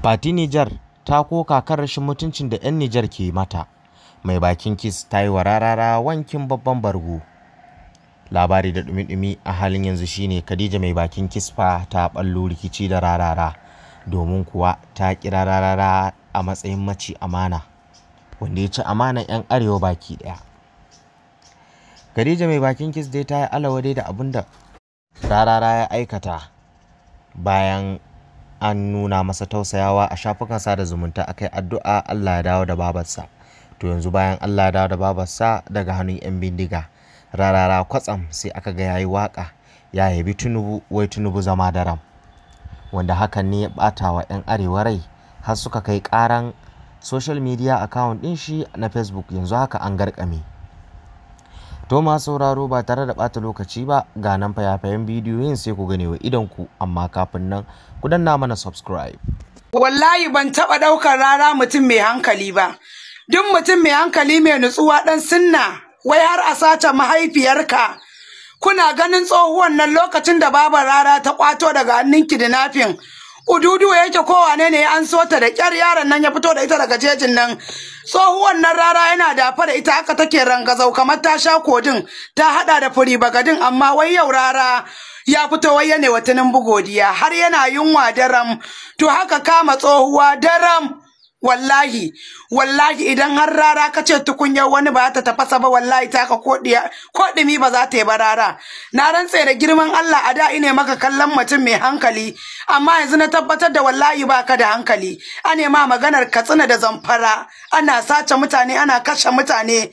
Fati Nijar ta koka kan rashin mutuncin da 'yan Nijar ke mata. Mai bakin kis ta yi wa rarara wankin babban bargo. Labari da dumi-dumi a halin yanzu shine Khadija mai bakin Kispa ta ballo rikici da rarara domin kuwa ta kira rarara a matsayin mace amana wanda ya ci amana 'yan arewa baki ɗaya. Khadija mai bakin kis dai ta yi alawadai da abin da rarara ya aikata bayan an nuna masa tausayawa a shafukan sada zumunta akai addu'a Allah ya dawo da babarsa to yanzu bayan Allah ya dawo da babarsa daga hannun yan bindiga rarara kwatsam sai aka ga yayi waka ya yabi tunubu wai tunubu zama da daram wanda hakan ne ya bata wa yan arewa rai har suka kai karan social media account din shi na facebook yanzu haka an garkame To ma sauraro ba tare da bata lokaci ba ga nan bidiyo yin sai ku gane wa ku amma kafin nan ku danna mana subscribe. Wallahi ban taɓa ɗaukar rara mutum mai hankali ba. Duk mutum mai hankali mai nutsuwa ɗan sinna, wai har a sace mahaifiyarka. Kuna ganin tsohuwan nan lokacin da babar rara ta kwato daga hannun kidnapping. ududu ya yake ko ne ne an sota ta da kyar yaron nan ya fito da ita daga jejin nan tsohuwan nan rara yana dafa da ita haka take rangazau kamar ta sha kodin ta hada da furi bagadin amma wai yau rara ya fito wai yana watanin bugodiya har yana yunwa daram to haka kama tsohuwa daram wallahi wallahi idan har rara ka ce tukunyar wani ba ta tafasa ba wallahi ta ka koɗimi ba za ta yi ba rara na rantse da girman Allah a da ine maka kallon mutum mai hankali amma yanzu na tabbatar da wallahi ba ka da hankali ane ma maganar katsina da zamfara ana sace mutane ana kashe mutane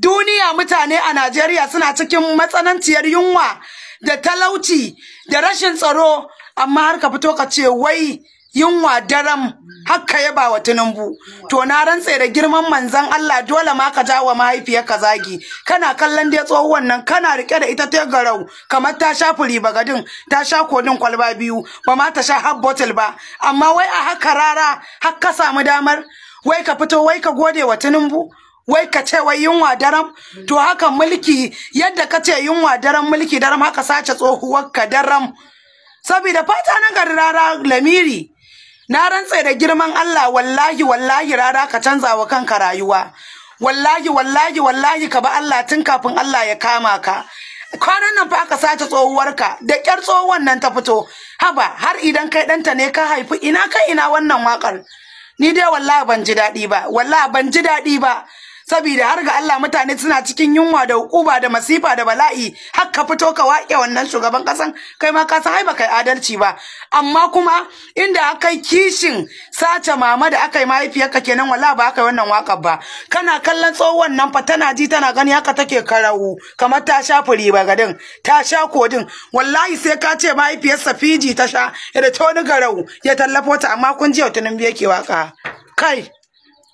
duniya mutane a Najeriya suna cikin matsananciyar yunwa da talauci da rashin tsaro amma har ka fito ka ce wai yunwa daram haka ya ba wa tunumbu to na rantse da girman manzan Allah dole ma ka ja jawo mahaifiyarka zagi kana kallon dai tsohuwan nan kana rike da ita ta garau kamar ta sha furi bagadin ta sha kodin kwalba biyu ba ma ta sha har bottle ba amma wai a haka rara har samu damar wai ka fito wai ka gode wa tinubu wai ka ce wai yunwa daram to haka mulki yadda ka ce yunwa daram mulki daram haka sace tsohuwar ka daram Sabida fata na gari rara lamiri na rantse da girman Allah wallahi wallahi rara ka canza wa kanka rayuwa wallahi wallahi wallahi ka ba Allah tun kafin Allah ya kama ka kwanan nan fa aka sace tsohuwarka da kyar tsohuwan nan ta fito haba har idan kai ɗanta ne ka haifi ina kai ina wannan wakar ni dai wallahi ban ji daɗi ba wallahi ban ji daɗi ba saboda har ga Allah mutane suna cikin yunwa da hukuba da masifa da bala'i har ka fito ka waƙe wannan shugaban kasan kai ma ka san ai baka adalci ba amma kuma inda akai kishin sace mama da akai mahaifiyarka kenan wala ba akai wannan waƙar ba kana kallon tsohon nan fa tana ji tana gani haka take karahu kamar ta sha fure gadin ta sha kodin wallahi sai ka ce mahaifiyarsa fiji ta sha ya da wani garau ya tallafo ta amma kun ji yau tunan biye ke waka kai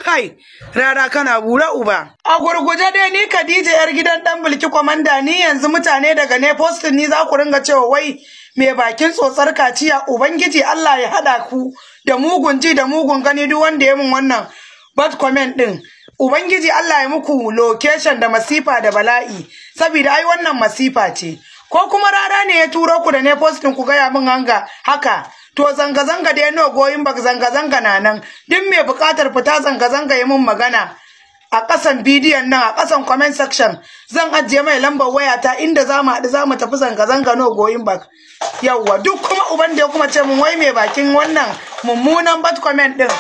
Kai, rara kana bura uba. A gurguje dai ni Khadija yar gidan dan Bilki komanda ni yanzu mutane daga ne postin ni za ku ringa cewa wai mai bakin tsotsar kaciya ubangiji Allah ya haɗa ku da mugun ji da mugun gani duk wanda ya mun wannan bad comment din. Ubangiji Allah ya muku location da masifa da bala'i saboda ai wannan masifa ce. Ko kuma rara ne ya turo ku da ne postin ku gaya mun hanga haka to zanga zanga dai no goyin bak zanga zanga na nan din mai bukatar fita zanga zanga yi mun magana a ƙasan bidiyon nan a ƙasan comment section zan ajiye mai lambar waya ta inda za mu haɗu za mu tafi zanga-zanga no goyin back yawwa duk kuma uban da ya kuma ce mun wai mai bakin wannan mummunan bad comment ɗin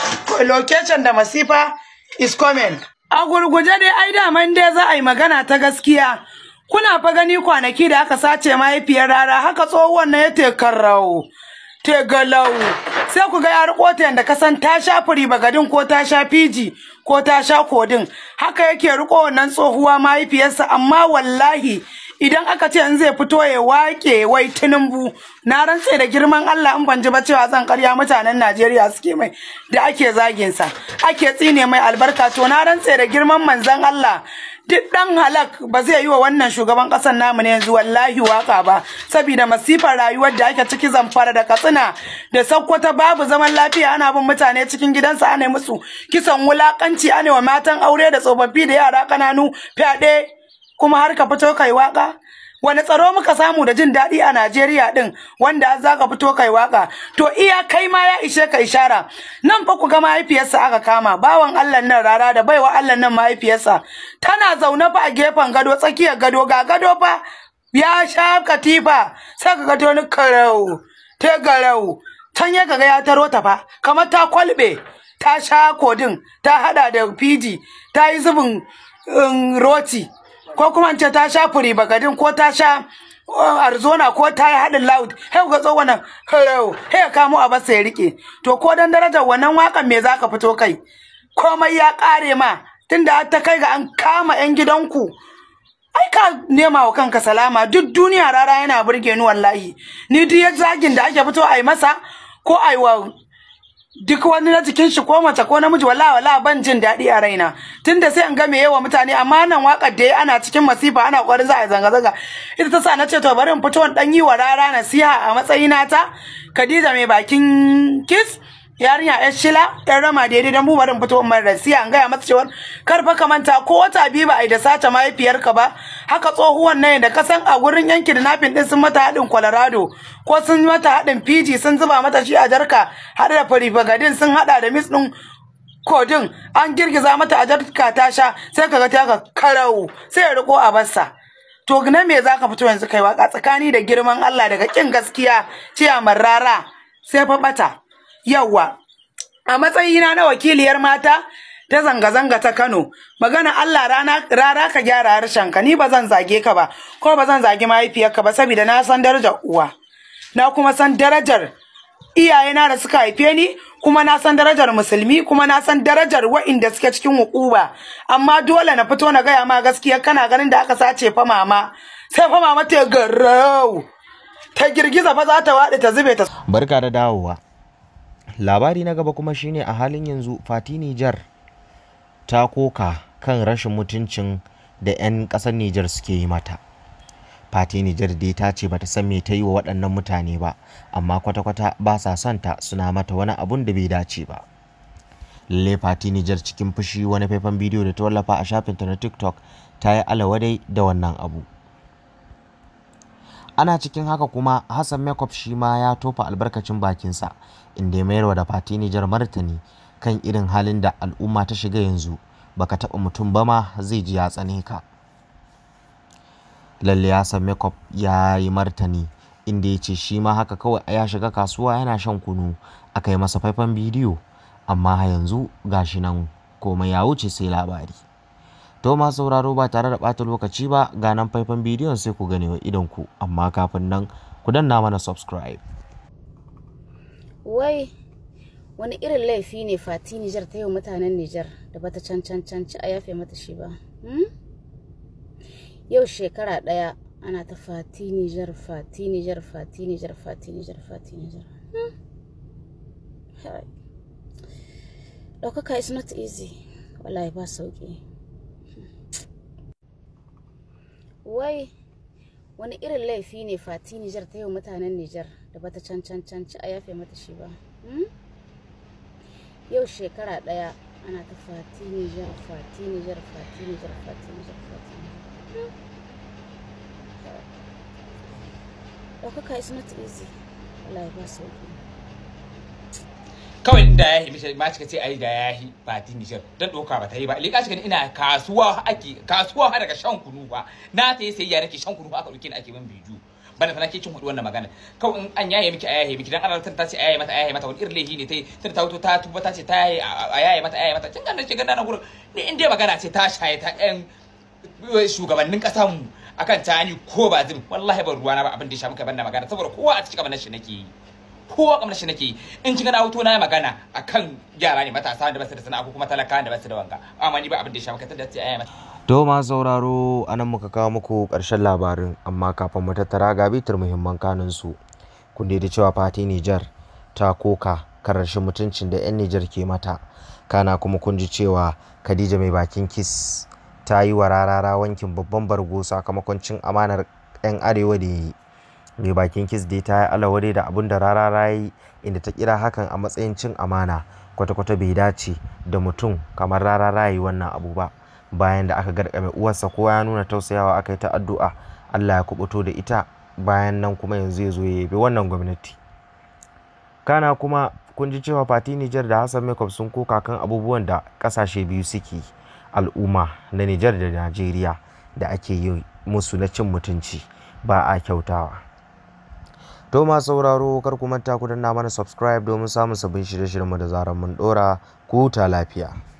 location da masifa is comment a gurguje dai ai daman dai za a yi magana ta gaskiya kuna fa gani kwanaki da aka sace mahaifiyar rara haka tsohuwan na ya te karrawo tegalau sai ku ga 'yar kota yanda ka san ta sha gadin ko ta sha fiji ko ta sha kodin haka yake riko wannan tsohuwa mahaifiyarsa amma wallahi idan aka ce in zai fito ya wake wai tinumbu na rantse da girman Allah in ban ji ba cewa zan karya mutanen Najeriya suke mai da ake zagin sa ake tsine mai albarka to na rantse da girman manzon Allah duk dan halak ba zai yi wa wannan shugaban kasar namu ne yanzu wallahi waka ba saboda masifar rayuwar da ake ciki zamfara da katsina da sakkwata babu zaman lafiya ana bin mutane cikin gidansa ana musu kisan wulakanci ana wa matan aure da tsofaffi da yara kananu fyaɗe kuma har ka fito kai waka wani tsaro muka samu da jin daɗi a Najeriya ɗin wanda za ka fito kai waka to iya kai ma ya ishe ka ishara nan fa ku ga mahaifiyarsa aka kama bawan Allah nan rara da baiwa Allah nan mahaifiyarsa tana zaune fa a gefen gado tsakiyar gado ga gado fa ya sha katifa sai ka ga wani karau ta garau can ya kaga ya taro ta fa kamar ta kwalbe ta sha kodin ta hada da fiji ta yi zubin um, roti ko kuma ce ta sha furi bagadin ko ta sha arizona ko ta yi haɗin Laud. hei ga tso wannan harau hei kamo a basa ya rike to ko dan darajar wannan wakan me za ka fito kai komai ya ƙare ma tun har ta kai ga an kama yan gidanku ai ka nema wa kanka salama duk duniya rara yana burge ni wallahi ni duk zagin da ake fito a yi masa ko a yi wa duk wani na jikin shi ko mace ko namiji wala wala ban jin daɗi a raina tunda sai in ga me yawa mutane amma nan wakar da ana cikin masifa ana ƙoƙarin za a zanga zanga ita ta sa na ce to bari in fito in ɗan yi wa rara nasiha a matsayina ta Khadija mai bakin kiss yarinya 'yan shila 'yan rama daidai dan bubarin fito mai rasiya an gaya masa cewa kar fa ka manta ko wata biyu ba a yi da sace mahaifiyarka ba haka tsohuwan nan da ka san a gurin yankin nafin din sun mata hadin Colorado ko sun mata hadin Fiji sun zuba mata shi a jarka hada da farifagadin sun haɗa da mis ɗin kodin an girgiza mata a jarka ta sha sai kaga ta ka karau sai ya riko a bassa to gina me zaka fito yanzu kai waka tsakani da girman Allah daga kin gaskiya ciya marrara sai fa bata yawa a matsayina na wakiliyar mata ta zanga-zanga ta Kano magana Allah rana rara ka gyara harshen ka ni ba zan zage ka ba ko ba zan zage mahaifiyarka ba saboda na san darajar uwa na kuma san darajar iyayena da suka haife ni kuma na san darajar musulmi kuma na san darajar wa'inda suke cikin hukuba amma dole na fito na gaya ma gaskiya kana ganin da aka sace fa mama sai fa mama ta garau ta girgiza fa za ta waɗe ta zube ta barka da dawowa labari na gaba kuma shine a halin yanzu fati nijar ta koka kan rashin mutuncin da 'yan ƙasar nijar suke yi mata fati nijar dai ta ce bata san me ta yi wa waɗannan mutane ba amma kwata-kwata ba sa son ta suna mata wani abun da bai dace ba lalle fati nijar cikin fushi wani faifan bidiyo da ta wallafa a shafinta na tiktok ta yi alawadai da wannan abu ana cikin haka kuma hassan Mekop shi ma ya tofa albarkacin bakinsa inda ya mayarwa da fati nijar martani kan irin halin da al'umma ta shiga yanzu baka taɓa mutum ba ma zai ji ya tsane ka lalle hassan Mekop ya yi martani inda ya ce shi ma haka kawai ya shiga kasuwa yana shan kunu aka yi masa faifan bidiyo amma yanzu gashi nan komai ya wuce sai labari To ma sauraro ba tare da ɓata lokaci ba ga nan faifan bidiyon sai ku gani wa idonku amma kafin nan ku danna mana subscribe. Wai wani irin laifi ne Fati Nijar ta yau mutanen Nijar da bata can can ci a yafe mata shi ba. Hmm? Yau shekara ɗaya ana ta Fati Nijar Fati Nijar Fati Nijar Fati Nijar Fati Nijar. Hmm? Ɗaukaka is not easy, wallahi ba sauƙi. wai wani irin laifi ne fati nijar ta yi mutanen nijar da bata cancanci a yafe mata shi ba hmm? yau shekara daya ana ta fati nijar fati nijar fati nijar fati nijar fati nijar hmm? ɗaukaka is not easy Allah ya ba sauki kawai inda ya yi mishi ma cika ce ai da ya yi ba ti Niger don doka ba ta yi ba lika shi ina kasuwa ake kasuwa har daga shan kunu ba na ta yi nake shan kunu aka ka ni ake min bidiyo bana na ke cin hudu wannan magana kawai in an yaye miki ayaye miki dan Allah ta ce ayaye mata ayaye mata wani irlehi ne yi tun ta wuto ta tuba ta ce ta yaye ayaye mata ayaye mata kin ce gurin ni in magana ce ta shaye ta ɗan eh, shugabannin ƙasar mu akan tani ko ba zin wallahi ban ruwana ba abin da ya sha muka banna magana saboda kowa a cikin kamar shi nake yi kowa kamar shi nake in kin gana na hoto na magana akan yara ne matasa da basu da sana'a ko kuma talaka da basu da wanga amma ni ba abin da ya shafa da ayi mata to ma sauraro anan muka kawo muku karshen labarin amma kafin mu tattara ga bitar muhimman kanin su kun da cewa Fati Niger ta koka karashin mutuncin da 'yan Niger ke mata kana kuma kun ji cewa Khadija mai bakin kis ta yi wa rarara wankin babban bargo sakamakon cin amanar 'yan arewa da yi mai bakin kis dai ta yi alawari da abun da rara rayi inda ta kira hakan a matsayin cin amana kwata-kwata bai dace da mutum kamar rara rayi wannan abu ba bayan da aka garkame uwarsa kowa ya nuna tausayawa aka yi ta addu'a Allah ya kubuto da ita bayan nan kuma yanzu ya zo ya yabi wannan gwamnati kana kuma kun ji cewa fati Nijar da Hassan Makeup sun koka kan abubuwan da kasashe biyu suke al'umma na Nijar da Najeriya da ake yi musu na cin mutunci ba a kyautawa To masu sauraro kar ku manta ku danna mana subscribe domin samun sabbin shirye-shiryenmu da zarar mun dora ku ta lafiya.